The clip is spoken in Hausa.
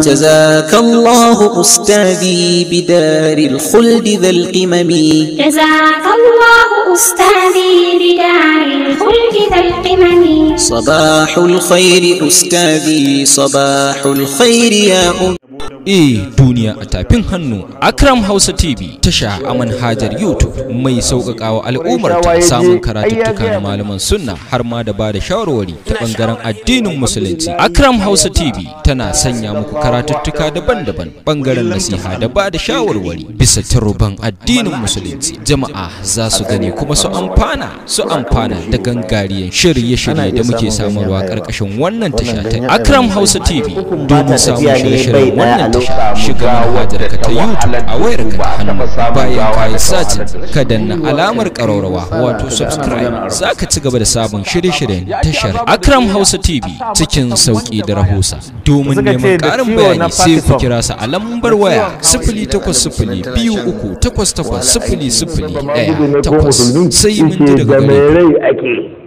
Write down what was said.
جزاك الله أستاذي بدار الخلد ذا القمم جزاك الله أستاذي بدار الخلد ذا القمم صباح الخير أستاذي صباح الخير يا أمي e duniya a tafin hannu akram hausa tv tasha a manhajar youtube mai sauƙaƙawa al'ummar ta samun karatuttuka na malaman sunna har ma da ba da shawarwari ta ɓangaren addinin musulunci akram hausa tv tana sanya muku karatuttuka daban-daban ɓangaren nasiha da ba da shawarwari bisa turban addinin musulunci jama'a za su gane kuma su amfana su amfana da gangariyan shirye-shirye da muke samarwa ƙarƙashin wannan tasha ta akram hausa tv domin samun shirye-shiryen wannan tasha shiga ka ta youtube a wayarka ta hannu bayan ka yi sajin ka danna alamar ƙararrawa wato subscribe za ka ci gaba da sabon shirye-shiryen tashar akram hausa tv cikin sauƙi da rahusa domin neman ƙarin bayani sai ku kira su a lambar waya sifili takwas sai mun ji daga gare ku.